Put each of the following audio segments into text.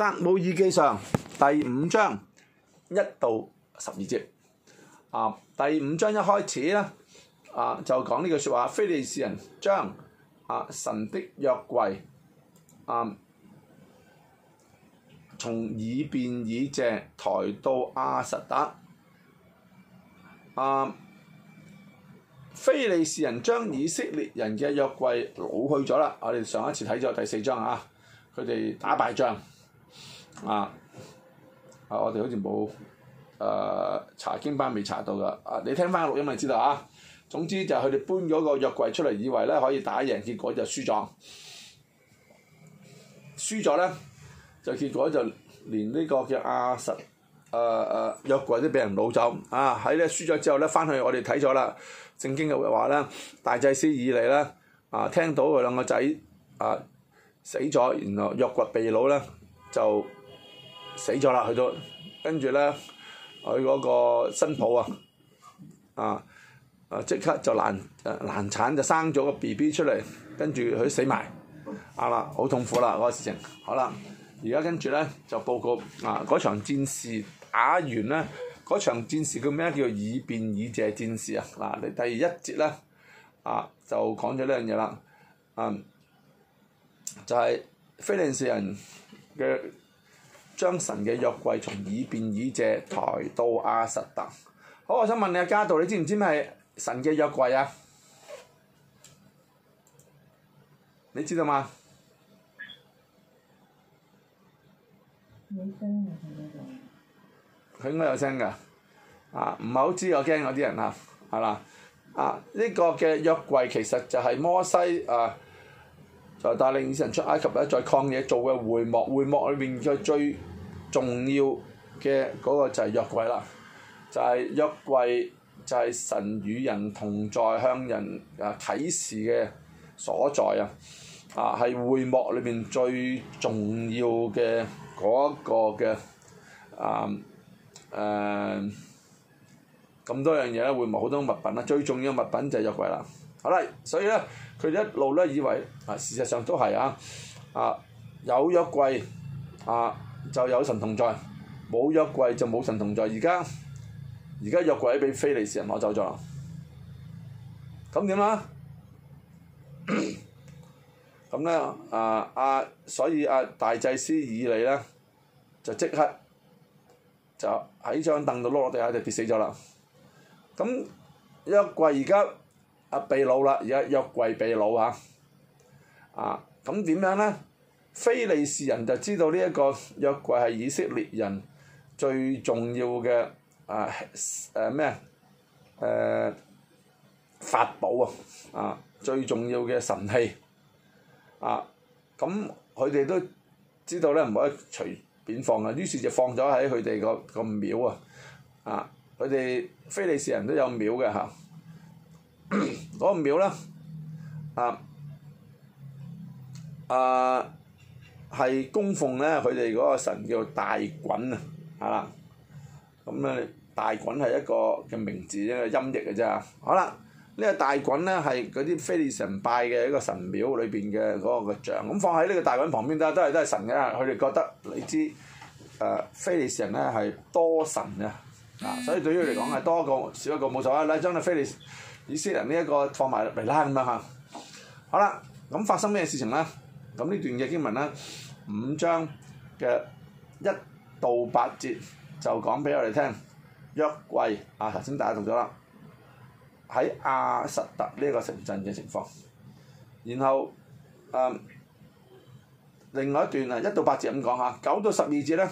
《撒母耳記》上第五章一到十二節啊！第五章一開始咧啊，就講呢句説話，非利士人將啊神的約櫃啊從以便以謝抬到亞實突啊。非利士人將以色列人嘅約櫃老去咗啦，啊！我哋上一次睇咗第四章啊，佢哋打敗仗。啊！啊，我哋好似冇誒查經班未查到噶。啊，你聽翻個錄音咪知道啊。總之就係佢哋搬咗個約櫃出嚟，以為咧可以打贏，結果就輸咗。輸咗咧，就結果就連呢個嘅阿實誒誒約櫃都俾人攞走。啊，喺咧輸咗之後咧，翻去我哋睇咗啦。聖經嘅話咧，大祭司以利咧啊聽到佢兩個仔啊死咗，然後約櫃被攞咧就。死咗啦，去咗，跟住咧，佢嗰個新抱啊，啊，啊即刻就難，難產就生咗個 B B 出嚟，跟住佢死埋，啊。啦、啊，好痛苦啦嗰、那個事情，好啦，而家跟住咧就報告，啊嗰場戰事打完咧，嗰場戰事叫咩？叫以便以謝戰事啊，嗱、啊、你第一節咧，啊就講咗呢樣嘢啦，嗯、啊，就係非利士人嘅。將神嘅約櫃從以便以謝抬到亞實突。好，我想問你阿加道，你知唔知咩係神嘅約櫃啊？你知道嗎？佢應該有聲㗎。啊，唔係好知，我驚有啲人啊，係啦。啊，呢、啊這個嘅約櫃其實就係摩西啊，就帶領以色列人出埃及咧，在曠野做嘅會幕，會幕裏面嘅最。重要嘅嗰個就係約櫃啦，就係、是、約櫃就係、是、神與人同在、向人啊啟示嘅所在啊，啊係會幕裏面最重要嘅嗰個嘅啊誒咁、啊、多樣嘢咧，會幕好多物品啦，最重要嘅物品就係約櫃啦。好啦，所以咧佢一路咧以為啊，事實上都係啊啊有約櫃啊。啊就有神同在，冇約櫃就冇神同在。而家而家約櫃俾菲利士人攞走咗，咁點啊？咁咧啊啊，所以啊大祭司以嚟咧就即刻就喺張凳度碌落地下就跌死咗啦。咁約櫃而家啊秘攞啦，而家約櫃秘攞嚇，啊咁點樣咧？非利士人就知道呢一個約櫃係以色列人最重要嘅，啊誒咩誒法寶啊，啊最重要嘅神器啊，咁佢哋都知道咧，唔可以隨便放啊，於是就放咗喺佢哋個個廟啊，啊佢哋非利士人都有廟嘅嚇，嗰、啊那個廟咧啊啊！啊係供奉咧，佢哋嗰個神叫大衮啊，係啦，咁咧大衮係一個嘅名字，一個音譯嘅啫。好啦，呢、這個大衮咧係嗰啲非利士人拜嘅一個神廟裏邊嘅嗰個像，咁放喺呢個大衮旁邊都都係都係神嘅。佢哋覺得你知，誒非利士人咧係多神啊，啊、mm-hmm.，所以對於佢嚟講係多個少一個冇所謂啦。將非利士以色列呢一個放埋入嚟啦咁樣嚇。好啦，咁發生咩事情咧？咁呢段嘅經文咧，五章嘅一到八節就講俾我哋聽約櫃啊，頭先大家讀咗啦，喺亞實突呢個城鎮嘅情況。然後誒、啊、另外一段啊，一到八節咁講吓，九到十二節咧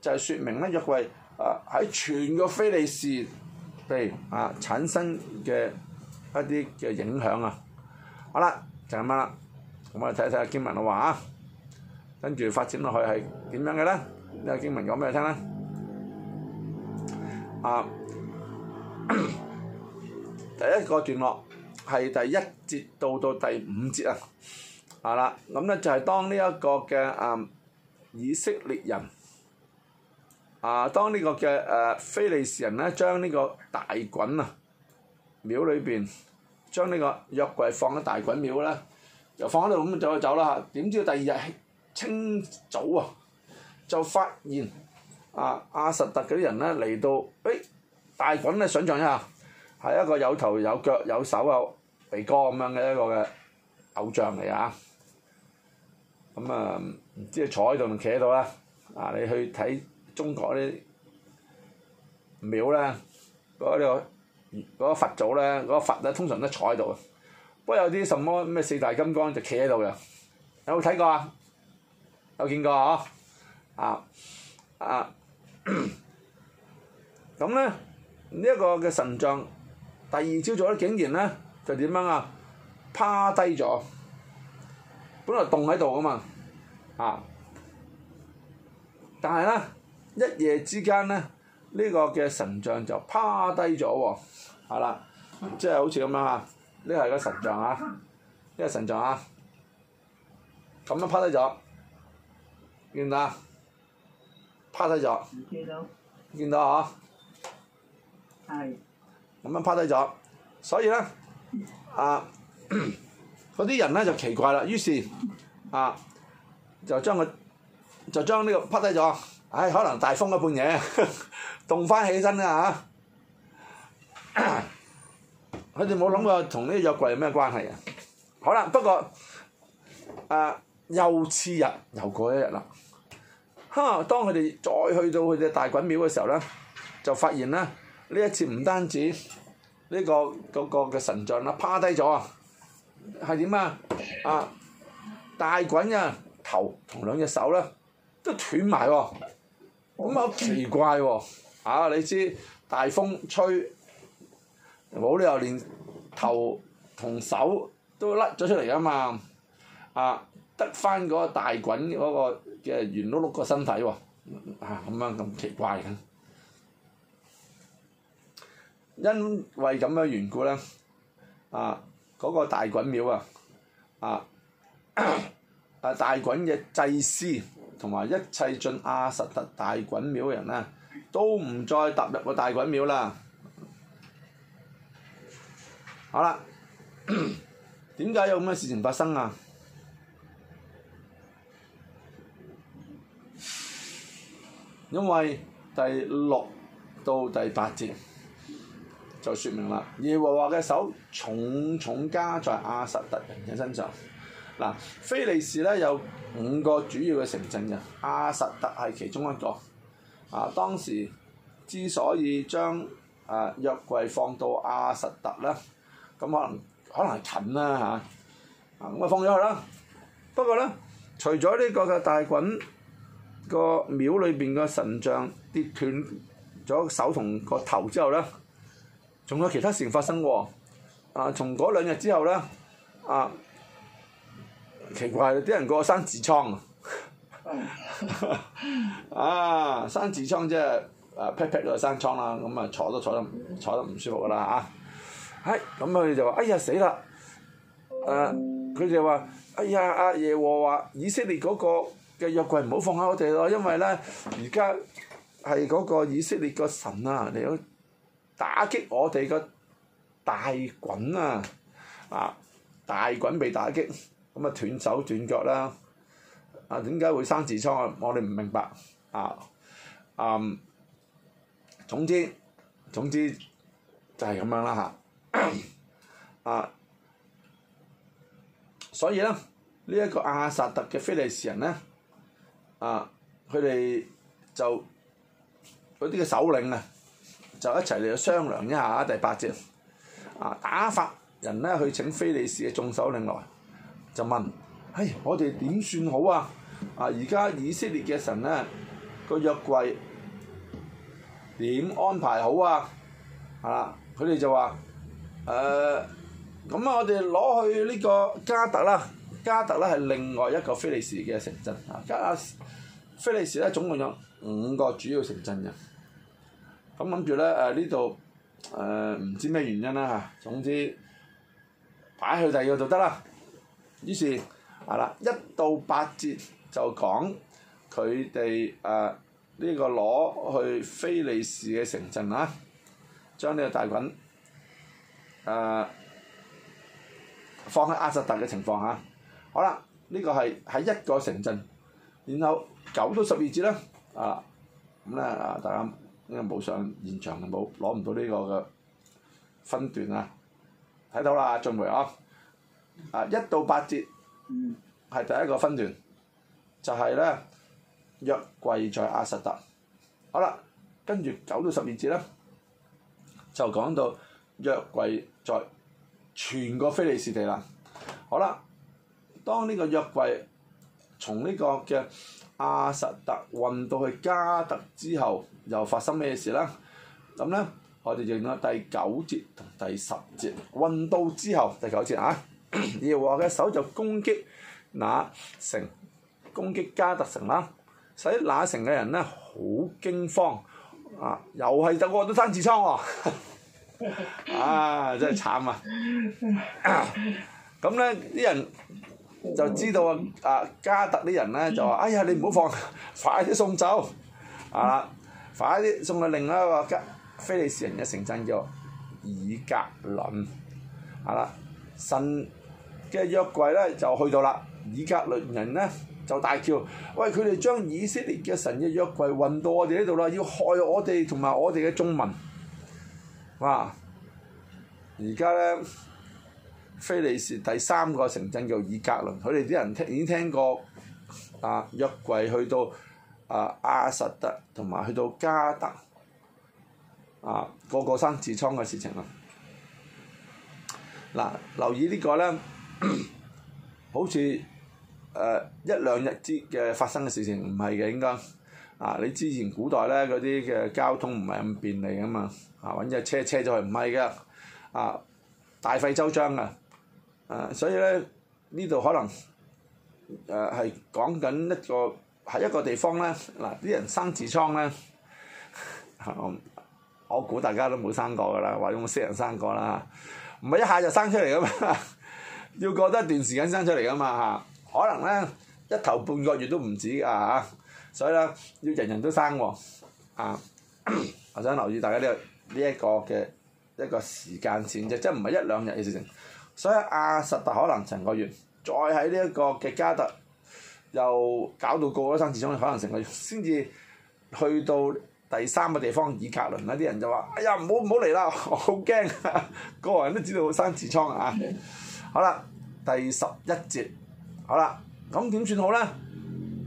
就係、是、説明咧約櫃誒喺全個非利士地啊產生嘅一啲嘅影響啊。好啦，就咁樣啦。我哋睇一睇經文嘅話啊，跟住發展落去係點樣嘅咧？呢個經文講俾你聽咧？啊，第一個段落係第一節到到第五節啊，係啦。咁咧就係當呢一個嘅啊以色列人啊，當呢個嘅誒非利士人咧，將呢個大袞啊廟裏邊將呢個約櫃放喺大袞廟咧。就放喺度咁就去走啦嚇，點知第二日清早啊就發現阿亞實突嘅啲人咧嚟到，誒大袞咧想象一下，係一個有頭有腳有手有鼻哥咁樣嘅一個嘅偶像嚟啊！咁啊唔知坐喺度定企喺度啦，啊你去睇中國啲廟咧，嗰、那個佛祖咧，嗰、那個佛咧、那個、通常都坐喺度。不過有啲什麼咩四大金剛就企喺度嘅，有冇睇過啊？有見過啊？啊啊，咁咧呢一個嘅神像，第二朝早咧竟然咧就點樣啊？趴低咗，本來棟喺度啊嘛，啊，但係咧一夜之間咧呢個嘅神像就趴低咗喎，係啦，即係好似咁樣嚇。呢個係個神像啊！呢個神像啊，咁樣趴低咗，見唔見到啊？趴低咗，見到？見到哦。係。咁樣趴低咗，所以咧，啊，嗰啲人咧就奇怪啦，於是啊，就將佢就將呢個趴低咗，唉、哎，可能大風嗰半嘢，凍翻起身啦嚇。啊佢哋冇諗過同呢個約櫃有咩關係啊？好啦，不過誒、啊、又次日又過一日啦。哈、啊！當佢哋再去到佢隻大滾廟嘅時候咧，就發現咧呢一次唔單止呢、這個嗰、這個嘅、這個、神像啦趴低咗啊，係點啊？啊大滾啊頭同兩隻手咧都斷埋喎、啊，咁啊好奇怪喎啊，啊！你知大風吹。冇理由連頭同手都甩咗出嚟噶嘛，啊得翻嗰個大滾嗰個嘅圓碌碌個身體喎，啊咁樣咁奇怪嘅，因為咁樣緣故咧，啊嗰個大滾廟啊，啊啊大滾嘅祭司同埋一切進亞實突大滾廟嘅人咧，都唔再踏入個大滾廟啦。好啦，點解有咁嘅事情發生啊？因為第六到第八節就説明啦，耶和華嘅手重重加在亞實突人嘅身上。嗱，非利士咧有五個主要嘅城鎮嘅，亞實突係其中一個。啊，當時之所以將啊約櫃放到亞實突咧，咁可能可能係近啦吓，啊咁啊放咗佢啦。不過咧，除咗呢個嘅大袞個廟裏邊個神像跌斷咗手同個頭之後咧，仲有其他事情發生喎。生 啊，從嗰兩日之後咧，啊奇怪啲人個生痔瘡啊，啊生痔瘡即係啊撇撇就生瘡啦，咁啊坐都坐得坐得唔舒服啦啊！係咁，佢哋就話：哎呀死啦！誒，佢哋話：哎呀，阿、呃哎、耶和華以色列嗰個嘅約櫃唔好放喺我哋咯，因為咧，而家係嗰個以色列個神啊嚟咗，打擊我哋個大滾啊！啊，大滾被打擊，咁啊斷手斷腳啦！啊，點解會生痔瘡啊？我哋唔明白啊！嗯，總之總之就係咁樣啦嚇。啊 啊！所以咧，呢、這、一個亞實突嘅非利士人咧，啊，佢哋就嗰啲嘅首領啊，就一齊嚟商量一下第八節啊，打發人咧去請非利士嘅眾首領來，就問：嘿、哎，我哋點算好啊？啊，而家以色列嘅神咧、嗰個約櫃點安排好啊？啊，佢哋就話。誒、呃，咁啊，我哋攞去呢個加特啦，加特咧係另外一個菲利士嘅城鎮嚇。加阿利士咧總共有五個主要城鎮嘅，咁諗住咧誒呢度誒唔知咩原因啦嚇、啊，總之擺去第二就得啦。於是係啦，一到八節就講佢哋誒呢個攞去菲利士嘅城鎮嚇，將、啊、呢個大菌。誒放喺亞實突嘅情況下，好啦，呢個係喺一個城鎮，然後九到十二節啦，啊咁咧，啊大家應該冇上現場，冇攞唔到呢個嘅分段啊，睇到啦，俊梅啊，啊一到八節係第一個分段，就係咧約櫃在亞實突，好啦，跟住九到十二節咧就講到約櫃。在全個非利士地啦，好啦，當呢個約櫃從呢個嘅亞實特運到去加特之後，又發生咩事啦？咁咧，我哋用咗第九節同第十節運到之後，第九節啊，耶和華嘅手就攻擊那城，攻擊加特城啦，使、啊、那城嘅人咧好驚慌，啊，又係就過咗三次瘡喎。啊啊！真係慘啊！咁咧啲人就知道啊，迦特啲人咧就話：哎呀，你唔好放，快啲送走啊！快啲送去另一個加非利士人嘅城鎮叫以革倫。啊啦，神嘅約櫃咧就去到啦，以革倫人咧就大叫：喂！佢哋將以色列嘅神嘅約櫃運到我哋呢度啦，要害我哋同埋我哋嘅眾民。」哇！而家咧，非利士第三個城鎮叫以革倫，佢哋啲人聽已經聽過啊，約櫃去到啊亞實德，同埋去到加德啊，個個生痔瘡嘅事情啦。嗱、啊，留意這個呢個咧，好似誒、啊、一兩日之嘅發生嘅事情唔係嘅，應該。啊！你之前古代咧嗰啲嘅交通唔係咁便利㗎嘛，啊，揾隻車車就係唔係㗎，啊，大費周章嘅，啊，所以咧呢度可能誒係講緊一個喺一個地方咧，嗱啲人生痔瘡咧、啊，我估大家都冇生過㗎啦，或者我識人生過啦，唔係一下就生出嚟㗎嘛，啊、要過多一段時間生出嚟㗎嘛嚇、啊，可能咧一頭半個月都唔止㗎嚇。啊所以咧，要人人都生喎、啊，啊！我想留意大家呢呢一個嘅一、呢個呢個時間線啫，即係唔係一兩日嘅事情。所以阿、啊、實突可能成個月，再喺呢一個嘅迦特又搞到過咗生痔瘡，可能成個月先至去到第三個地方以革倫啦。啲人就話：哎呀，唔好唔好嚟啦，好驚！個個人都知道生痔瘡啊！好啦，第十一節，好啦，咁點算好咧？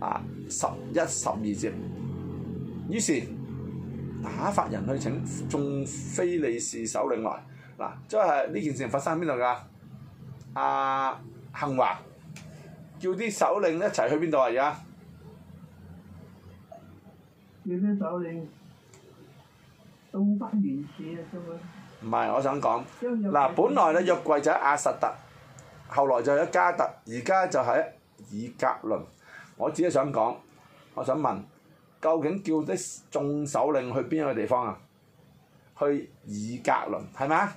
啊！十一十二節，於是打發人去請眾非利士首領來。嗱，即係呢件事發生喺邊度㗎？耶和華叫啲首領一齊去邊度啊？而家叫啲首領東奔南市啊！做咩？唔係我想講嗱，本來咧約櫃就喺亞實突，後來就喺迦特，而家就喺以革倫。我只係想講，我想問，究竟叫啲眾首領去邊一個地方啊？去以格倫係咪啊？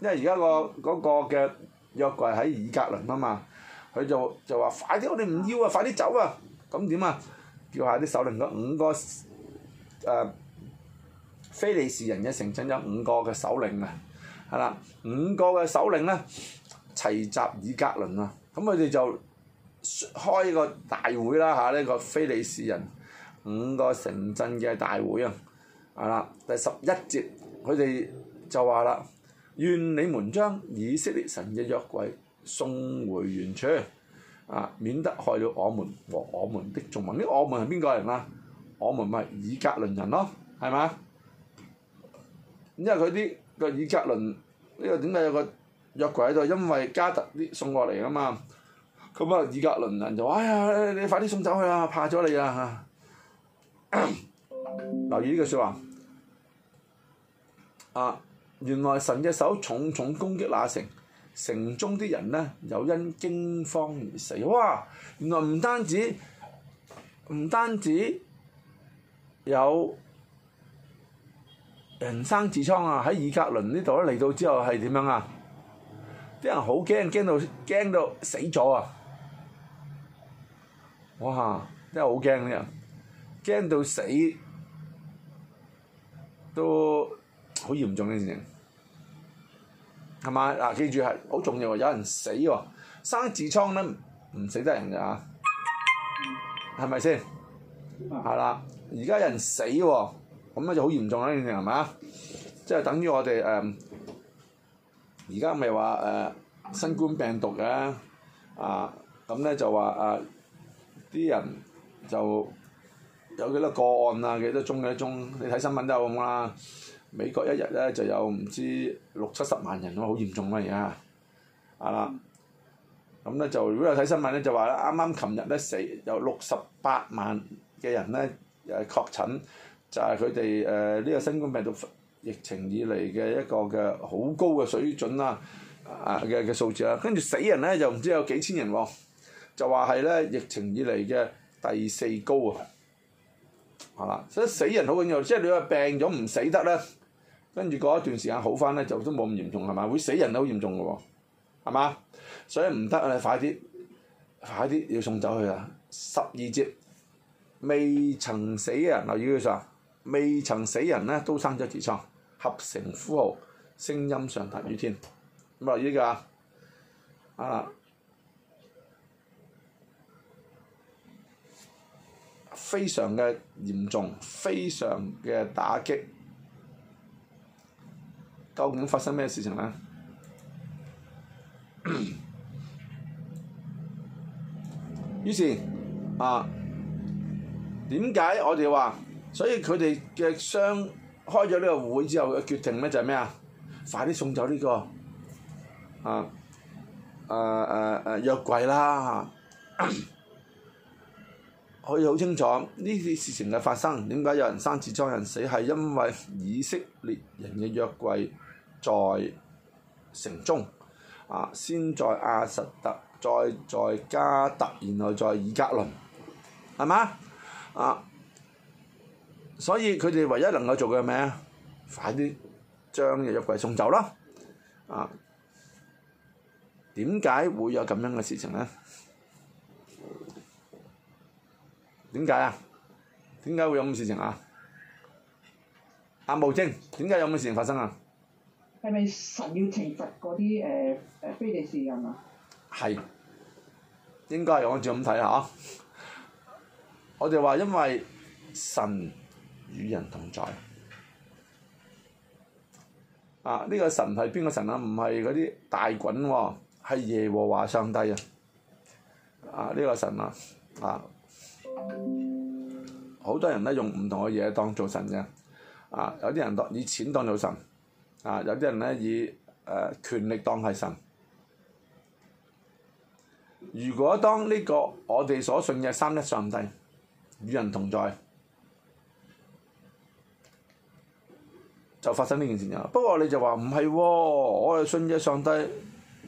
因為而家個嗰個嘅約櫃喺以格倫啊嘛，佢就就話快啲，我哋唔要啊，快啲走啊！咁點啊？叫下啲首領嗰五個誒非利士人嘅城鎮有五個嘅首領啊，係啦，五個嘅首領咧齊集以格倫啊，咁佢哋就，開個大會啦嚇，呢個非利士人五個城鎮嘅大會啊，係啦，第十一節佢哋就話啦，願你們將以色列神嘅約櫃送回原處，啊，免得害了我們和我們的眾民。我呢我們係邊個人啊？我們咪以格倫人咯，係嘛？因為佢啲個以格倫呢個點解有個約櫃喺度？因為加特啲送過嚟啊嘛。咁啊！以革倫啊，就話哎呀！你快啲送走佢啊，怕咗你啊！ 留意呢句説話啊！原來神嘅手重重攻擊那城，城中啲人呢又因驚慌而死。哇！原來唔單止唔單止有人生痔瘡啊！喺以革倫呢度咧嚟到之後係點樣啊？啲人好驚，驚到驚到死咗啊！哇！真係好驚呢啲人，驚到死，都好嚴重呢件事，係咪啊？嗱，記住係好重要，有人死喎，生痔瘡咧唔死得人㗎嚇，係咪先？係啦，而家有人死喎，咁咧就好嚴重啦，呢件事係咪啊？即係等於我哋誒，而家咪話誒新冠病毒嘅，啊咁咧就話誒。呃啲人就有幾多個案啊，幾多宗幾多宗？你睇新聞都有咁啦。美國一日咧就有唔知六七十萬人咯，好嚴重啦而家，係啦，咁咧就如果有睇新聞咧就話咧，啱啱琴日咧死有六十八萬嘅人咧誒確診，就係佢哋誒呢個新冠病毒疫情以嚟嘅一個嘅好高嘅水準啦，啊嘅嘅數字啦，跟住死人咧就唔知有幾千人喎。就話係咧，疫情以嚟嘅第四高啊，係啦，所以死人好緊要，即係你話病咗唔死得咧，跟住過一段時間好翻咧，就都冇咁嚴重係嘛，會死人都好嚴重嘅喎，係嘛，所以唔得啊，你快啲，快啲要送走去啦。十二節未曾死嘅人，留意嘅上未曾死人咧都生咗痔瘡，合城呼號，聲音上達於天，咁留意嘅啊。非常嘅嚴重，非常嘅打擊。究竟發生咩事情呢？ 於是，啊，點解我哋話，所以佢哋嘅商開咗呢個會之後嘅決定呢，就係咩啊？快啲送走呢、這個，啊，誒誒誒，約、啊、櫃啦！啊可以好清楚呢啲事情嘅發生，點解有人生痔瘡、人死係因為以色列人嘅約櫃在城中，啊，先在亞實突，再在迦特，然後在以革倫，係嘛？啊，所以佢哋唯一能夠做嘅係咩啊？快啲將約櫃送走啦！啊，點解會有咁樣嘅事情呢？點解啊？點解會有咁嘅事情啊？阿茂經點解有咁嘅事情發生啊？係咪神要懲罰嗰啲誒誒非利士人啊？係，應該係按照咁睇下。我哋話、啊、因為神與人同在。啊！呢、這個神係邊個神啊？唔係嗰啲大袞喎、啊，係耶和華上帝啊！啊！呢、這個神啊！啊！好多人咧用唔同嘅嘢當做神嘅，啊，有啲人當以錢當做神，啊，有啲人咧以誒權力當係神。如果當呢個我哋所信嘅三一上帝與人同在，就發生呢件事啊。不過你就話唔係喎，我哋信嘅上帝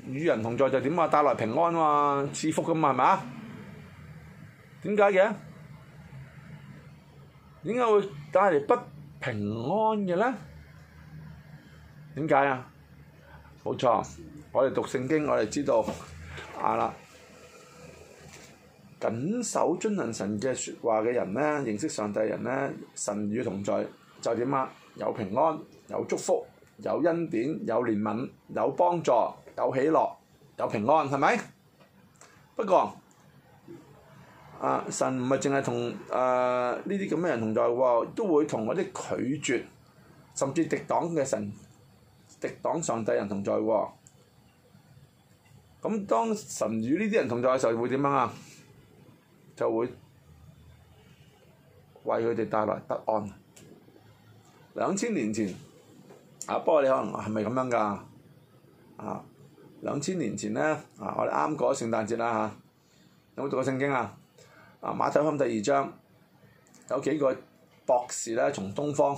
與人同在就點啊？帶來平安嘛，賜福噶嘛，係咪啊？點解嘅？點解會帶嚟不平安嘅咧？點解啊？冇錯，我哋讀聖經，我哋知道啊啦，緊守遵行神嘅説話嘅人咧，認識上帝嘅人咧，神與同在，就點啊？有平安，有祝福，有恩典，有憐憫，有幫助，有喜樂，有平安，係咪？不過。啊！神唔係淨係同啊呢啲咁嘅人同在喎，都會同嗰啲拒絕甚至敵擋嘅神、敵擋上帝人同在喎。咁、啊、當神與呢啲人同在嘅時候，會點樣啊？就會為佢哋帶來不安。兩千年前，啊！不過你可能係咪咁樣㗎？啊！兩千年前咧，啊！我哋啱過聖誕節啦嚇，啊、有冇讀過聖經啊？啊，馬太福音第二章，有幾個博士咧從東方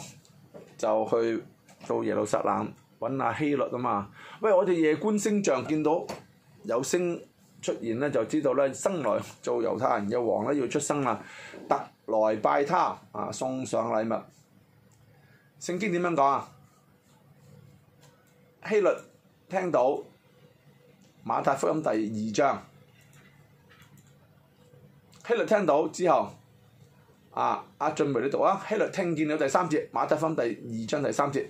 就去到耶路撒冷揾阿、啊、希律啊嘛，喂，我哋夜觀星象見到有星出現咧，就知道咧生來做猶太人嘅王咧要出生啦，特來拜他啊，送上禮物。聖經點樣講啊？希律聽到，馬太福音第二章。希律聽到之後，啊，阿、啊、俊梅你讀啊，希律聽見了第三節馬太福音第二章第三節。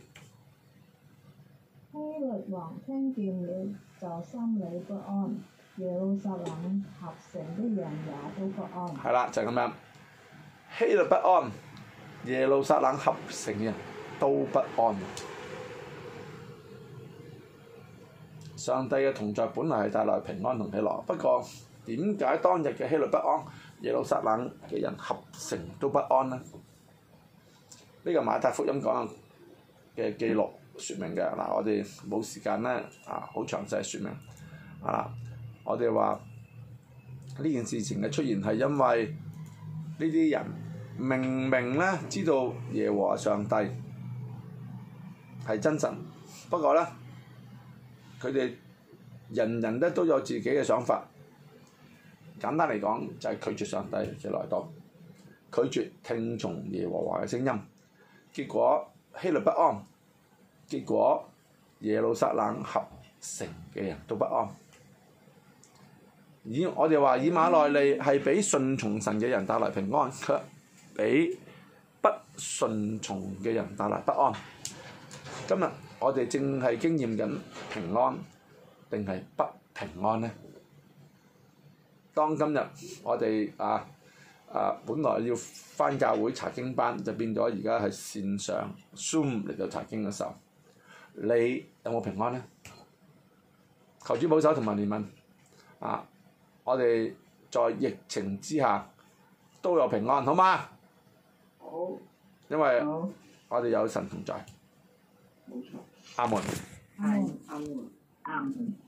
希律王聽見了就心裏不安，耶路撒冷合城的人也都不安。係啦，就係、是、咁樣。希律不安，耶路撒冷合城人都不安。上帝嘅同在本來係帶來平安同喜樂，不過點解當日嘅希律不安？耶路撒冷嘅人合城都不安，呢個馬太福音講嘅記錄説明嘅，嗱我哋冇時間咧，啊好詳細説明，啊我哋話呢件事情嘅出現係因為呢啲人明明咧，知道耶和華上帝係真神，不過咧，佢哋人人咧都有自己嘅想法。簡單嚟講，就係、是、拒絕上帝嘅來到，拒絕聽從耶和華嘅聲音，結果希律不安，結果耶路撒冷合城嘅人都不安。以我哋話，以馬內利係俾順從神嘅人帶來平安，卻俾不順從嘅人帶來不安。今日我哋正係經驗緊平安定係不平安呢？當今日我哋啊啊，本來要返教會查經班，就變咗而家係線上 Zoom 嚟到查經嘅時候，你有冇平安呢？求主保守同埋憐憫啊！我哋在疫情之下都有平安，好嗎？好，因為我哋有神同在。冇錯。阿門。阿門，阿門。阿門，阿門。